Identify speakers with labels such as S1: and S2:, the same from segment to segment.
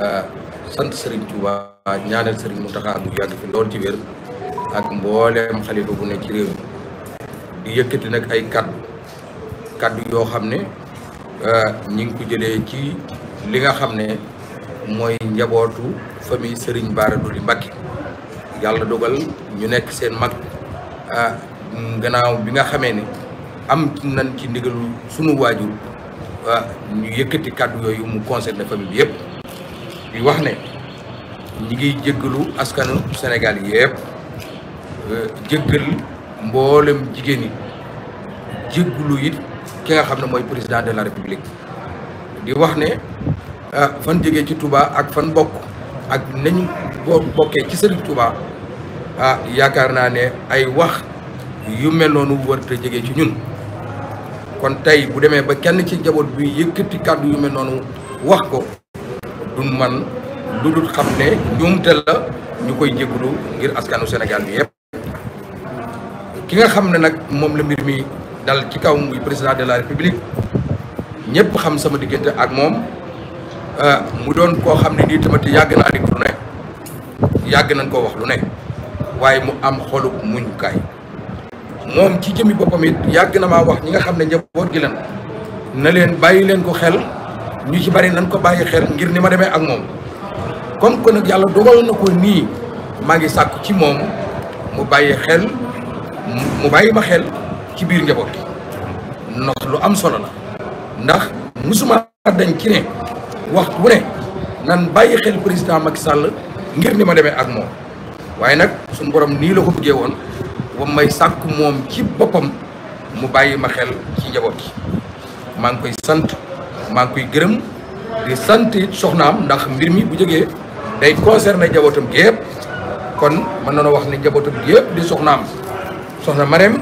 S1: Euh, sant sëriñ Touba ñaaneel Serigne Mountakha mu yàgg fi lool ci wér ak mbooleem xalifa bu ne ci réew mi yëkkati nag ay kàddu kàddu xam ne euh, ñi ngi ko jëlee ci li nga xam ne mooy njabootu famille Serigne Bara Dolly Mbacké yàlla dogal ñu nekk seen mag euh, gannaaw bi nga xamee ne am nañ ci ndigalu sunu waajur ñu yëkkati kàddu yooyu mu concerné famille bi yëpp. di wax ne ñi ngi jéggalu askanu Sénégal yëpp euh, jéggal mboolem jigéen yi jéggalu it ki nga xam ne mooy président de la république di wax ne euh, fan jógee ci tubaa ak fan bokk ak nañ boo bokkee ci Serigne Touba ah yaakaar naa ne ay wax yu mel noonu warta jógee ci ñun kon tey bu demee ba kenn ci njaboot bi yëkkati kàddu yu mel noonu wax ko duñ man lu dul xam ne njuumte la ñu koy jégalu ngir askanu Sénégal bi yëpp ki nga xam ne nag moom la mbir mi dal ci kaw muy président de la république ñëpp xam sama diggante ak moom euh, mu doon koo xam ne nii tamit yàgg naa dégg lu ne yàgg nañ koo wax lu ne waaye mu am xolub muñ moom ci jëmi boppam it yàgg na maa wax ñi nga xam ne njaboot gi lan na leen bàyyi leen ko xel ñu ci bari nañ ko bàyyi xel ngir ni ma demee ak moom comme que nag yàlla dogal na ko nii maa ngi sàkk ci moom mu bàyyi xel mu bàyyi ma xel ci biir njaboot gi lu am solo la ndax musuma dañ ci ne waxtu bu ne nan bàyyi xel président Macky Sall ngir ni ma demee ak moom waaye nag suñu borom nii la ko bëggee woon ba may sàkku moom ci boppam mu bàyyi ma xel ci njaboot maa ngi koy sant maa ngi koy gërëm di sant soxnaam ndax mbir mi bu jógee day concerné njabootam gi yëpp kon mën na wax ne njabootam gi yëpp di soxnaam soxna Marème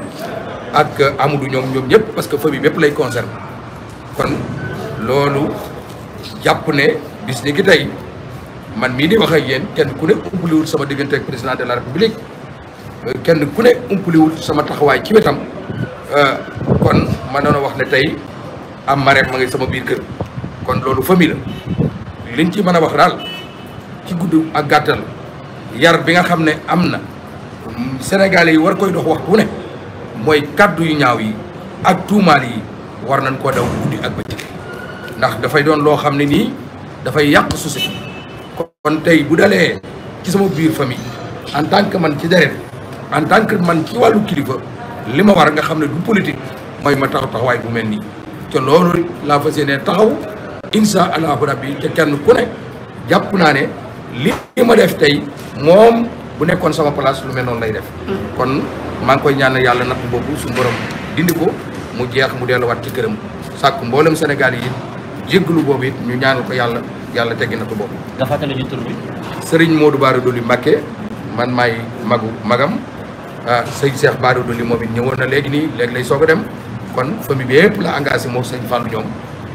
S1: ak Amadou ñoom ñoom ñëpp parce que famille bépp lay concerné kon loolu jàpp ne bis ni ki tey man mii di wax ak yéen kenn ku ne umpaliwul sama diggante ak président de la république kenn ku ne umpaliwul sama taxawaay ci wetam euh, kon mën na wax ne tey am mareem ma ngay sama biir kër kon loolu famille la liñ ci mën a wax daal ci gudd ak gàttal yar bi nga xam ne am na sénégalais yi war koy dox waxtu ne mooy kàddu yu ñaaw yi ak tuumaal yi war nañ koo daw guddi ak bëccëg ndax dafay doon loo xam ne nii dafay yàq société kon tey bu dalee ci sama biir famille en tant que man ci deret en tant que man ci wàllu kilifa li ma war nga xam ne du politique mooy ma taxaw taxawaay bu mel nii te loolu laa fas yéene taxaw insha allahu rabbi te kenn ku ne jàpp naa ne li ma def tey moom bu nekkoon sama place lu mel lay def kon maa ngi koy ñaanal yàlla natt boobu su borom dindi ko mu jeex mu delluwaat ci këram sàkk mboolem Sénégal yi jéggalu boobu it ñu ñaanal ko yàlla yàlla teggi natt boobu nga fàttali ñu tur bi sëriñ Modou Bara Dolly Mbacké man maay magu magam ah, sëñ Cheikh Bara Dolly moom it ñëwoon na léegi nii léegi lay soog a dem kon famille bi yëpp la engagé moo sëñ Fallou ñoom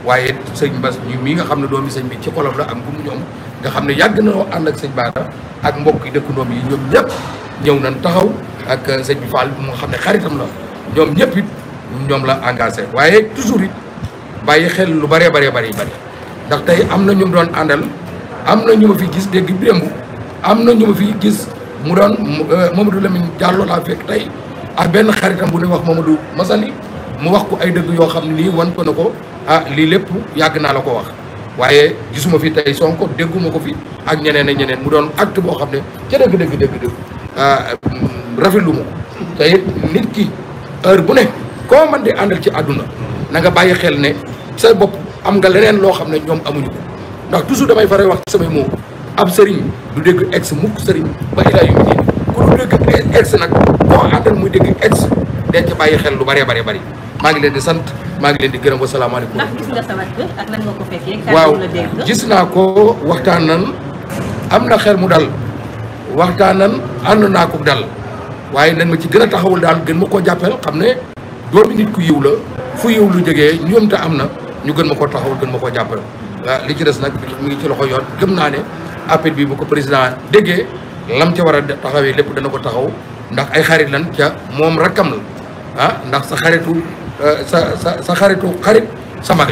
S1: waaye sëñ Bass ñu mii nga xam ne doomi sëñ bi ci xolam la am gumu ñoom nga xam ne yàgg na ànd ak sëñ Baara ak mbokk yi dëkkandoom yi ñoom ñëpp ñëw nañ taxaw ak sëñ bi Fall mu nga xam ne xaritam la ñoom ñëpp ñoom la engagé waaye toujours it bàyyi xel lu bëree bëree bëri bëri ndax tey am na ñu doon àndal am na ñu ma fi gis dégg démb am na ñu ma fi gis mu doon euh, Mamadou Lamine Diallo laa fekk tey ak benn xaritam bu ñuy wax Mamadou Masali mu wax ko ay dëgg yoo xam ne nii wan ko na ko ah lii lépp yàgg naa la ko wax waaye gisuma fi tey Sonko dégguma ko fi ak ñeneen ak ñeneen mu doon acte boo xam ne ca dëgg dëgg dëgg dëgg ah, mm, rafetlu ma ko te nit ki heure bu ne koo mën di àndal ci àdduna na nga bàyyi xel ne sa bopp am nga leneen loo xam ne ñoom amuñu ko ndax toujours damay faral wax ci samay moom ab sëriñ du dégg ex mukk sëriñ ba ilaa yu nii ku du dégg ex nag koo àndal muy dégg ex denc bàyyi xel lu bëree bëri bëri maa ngi leen di sant maa ngi leen di gërëm wasalaamaaleykum. ndax gis waaw gis naa ko waxtaan nan am na xel mu dal waxtaan nan ànd naa ko dal waaye nañ ma ci gën a taxawul daal gën ma koo jàppeel xam ne doomi nit ku yiw la fu yiw lu jógee ñoom te am na ñu gën ma koo taxawul gën ma koo jàppale li ci des nag mu ngi ci loxo yoon gëm naa ne appel bi bu ko président déggee lam ca war a taxawee lépp dana ko taxaw ndax ay xarit lan ca moom rakkam la ah ndax sa xaritu Euh, sa sa sa xaritu xarit sa mag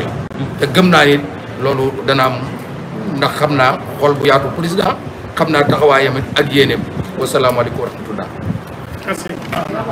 S1: te gëm naa it loolu dana am ndax xam naa xol bu yaatu président xam naa taxawaayam ak yéeneem wasalaamaaleykum wa rahmatullah